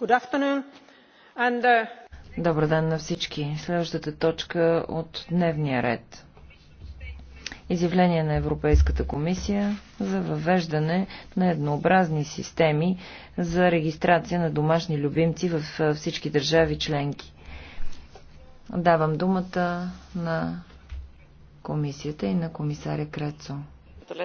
Uh, Добър ден на всички. Следващата точка от дневния ред. Изявление на Европейската комисия за въвеждане на еднообразни системи за регистрация на домашни любимци в всички държави членки. Давам думата на комисията и на комисаря Крецо.